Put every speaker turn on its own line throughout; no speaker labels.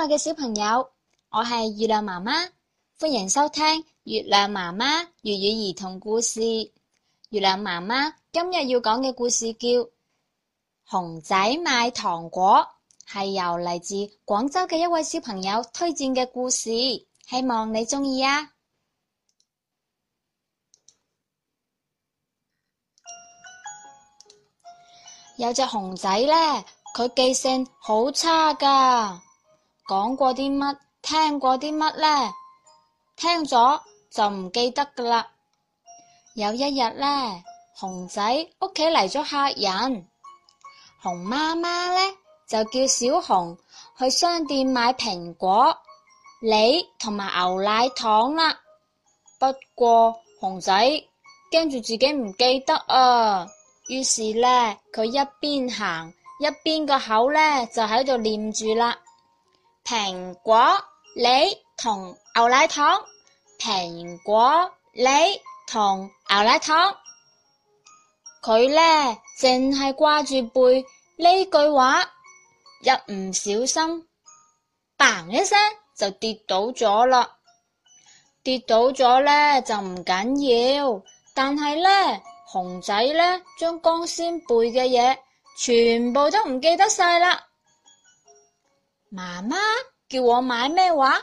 親愛嘅小朋友，我係月亮媽媽，歡迎收聽月亮媽媽粵語兒童故事。月亮媽媽今日要講嘅故事叫《熊仔買糖果》，係由嚟自廣州嘅一位小朋友推薦嘅故事，希望你鍾意啊！有隻熊仔呢，佢記性好差噶。講過啲乜，聽過啲乜呢？聽咗就唔記得噶啦。有一日呢，熊仔屋企嚟咗客人，熊媽媽呢，就叫小熊去商店買蘋果、梨同埋牛奶糖啦。不過熊仔驚住自己唔記得啊，於是呢，佢一邊行一邊個口呢，就喺度念住啦。蘋果梨同牛奶糖，蘋果梨同牛奶糖。佢呢，淨係掛住背呢句話，一唔小心，砰一聲就跌倒咗啦。跌倒咗呢，就唔緊要，但係呢，熊仔呢，將剛先背嘅嘢全部都唔記得晒啦。媽媽叫我買咩話？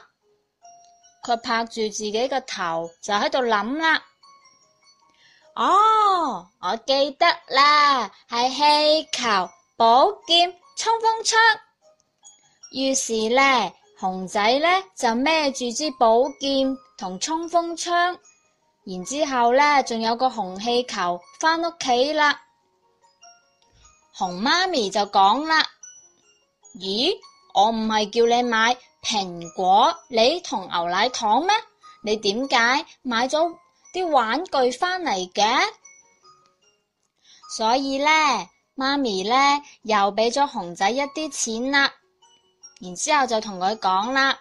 佢拍住自己個頭就喺度諗啦。哦，我記得啦，係氣球、寶劍、衝鋒槍。於是呢，熊仔呢，就孭住支寶劍同衝鋒槍，然之後呢仲有個紅氣球返屋企啦。熊媽咪就講啦：咦？我唔係叫你買蘋果、梨同牛奶糖咩？你點解買咗啲玩具返嚟嘅？所以呢，媽咪呢又俾咗熊仔一啲錢啦。然之後就同佢講啦，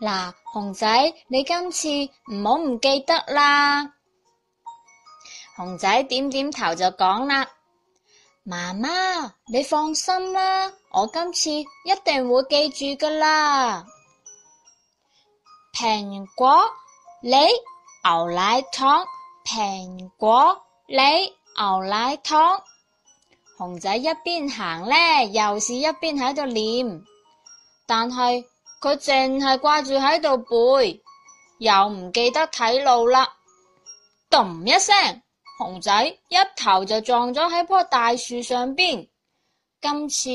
嗱，熊仔，你今次唔好唔記得啦。熊仔點點頭就講啦，媽媽，你放心啦。我今次一定會記住噶啦。蘋果梨牛奶糖，蘋果梨牛奶糖。熊仔一邊行呢，又是一邊喺度念，但係佢淨係掛住喺度背，又唔記得睇路啦。咚一聲，熊仔一頭就撞咗喺棵大樹上邊。今次。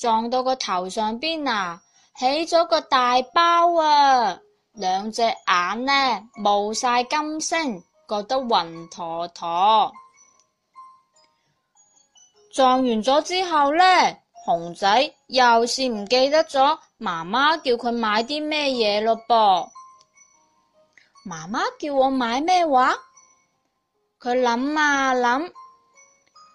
撞到個頭上邊啊，起咗個大包啊，兩隻眼呢冇晒金星，覺得暈陀陀。撞完咗之後呢，熊仔又是唔記得咗媽媽叫佢買啲咩嘢咯噃。媽媽叫我買咩話？佢諗啊諗，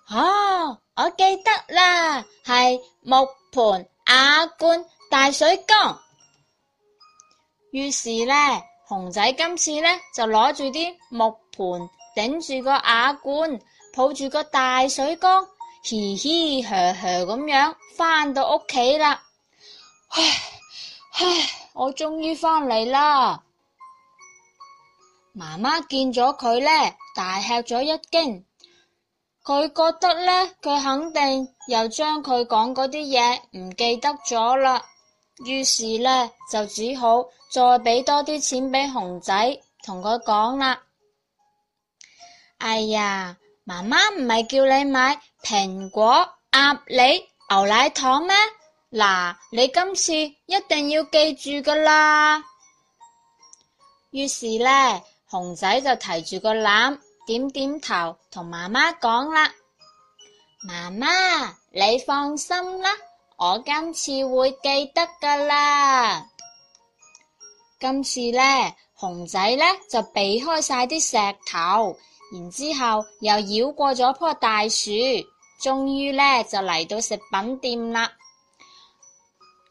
啊，我記得啦，係。木盆、瓦罐、大水缸。於是呢，熊仔今次呢，就攞住啲木盆，頂住個瓦罐，抱住個大水缸，嘻嘻呵呵咁樣返到屋企啦。唉唉，我終於返嚟啦！媽媽見咗佢呢，大吃咗一驚。佢覺得呢，佢肯定又將佢講嗰啲嘢唔記得咗啦，於是呢，就只好再俾多啲錢俾熊仔，同佢講啦。哎呀，媽媽唔係叫你買蘋果、鴨梨、牛奶糖咩？嗱，你今次一定要記住噶啦。於是呢，熊仔就提住個籃。點點頭，同媽媽講啦，媽媽，你放心啦，我今次會記得噶啦。今次呢，熊仔呢，就避開晒啲石頭，然之後又繞過咗棵大樹，終於呢，就嚟到食品店啦。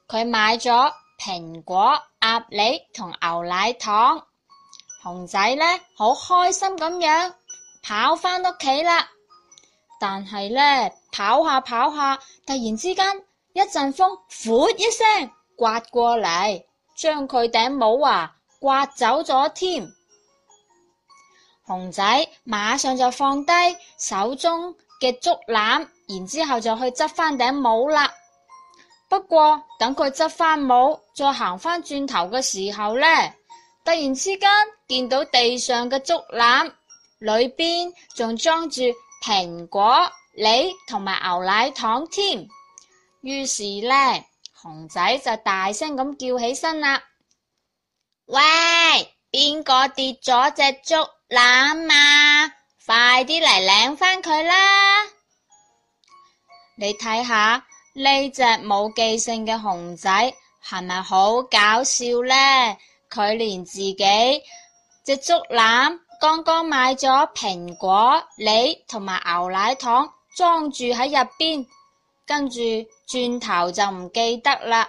佢買咗蘋果、鴨梨同牛奶糖，熊仔呢，好開心咁樣。跑返屋企啦！但係呢，跑下跑下，突然之間一陣風，呼一聲刮過嚟，將佢頂帽啊刮走咗添。熊仔馬上就放低手中嘅竹籃，然之後就去執返頂帽啦。不過等佢執返帽，再行返轉頭嘅時候呢，突然之間見到地上嘅竹籃。裏邊仲裝住蘋果、梨同埋牛奶糖添。於是呢，熊仔就大聲咁叫起身啦：喂，邊個跌咗隻竹籃啊？快啲嚟領返佢啦！你睇下，呢隻冇記性嘅熊仔係咪好搞笑呢？佢連自己，隻竹籃剛剛買咗蘋果、梨同埋牛奶糖，裝住喺入邊，跟住轉頭就唔記得啦。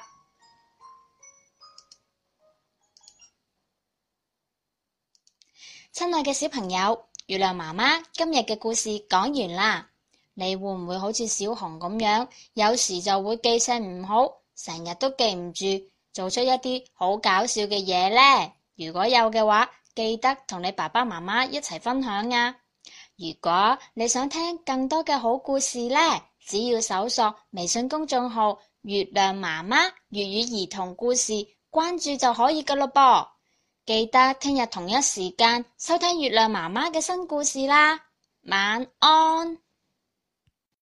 親愛嘅小朋友，月亮媽媽今日嘅故事講完啦。你會唔會好似小熊咁樣，有時就會記性唔好，成日都記唔住，做出一啲好搞笑嘅嘢呢？如果有嘅話，記得同你爸爸媽媽一齊分享啊！如果你想聽更多嘅好故事咧，只要搜索微信公眾號月亮媽媽粵語兒童故事，關注就可以噶啦噃。記得聽日同一時間收聽月亮媽媽嘅新故事啦。晚安。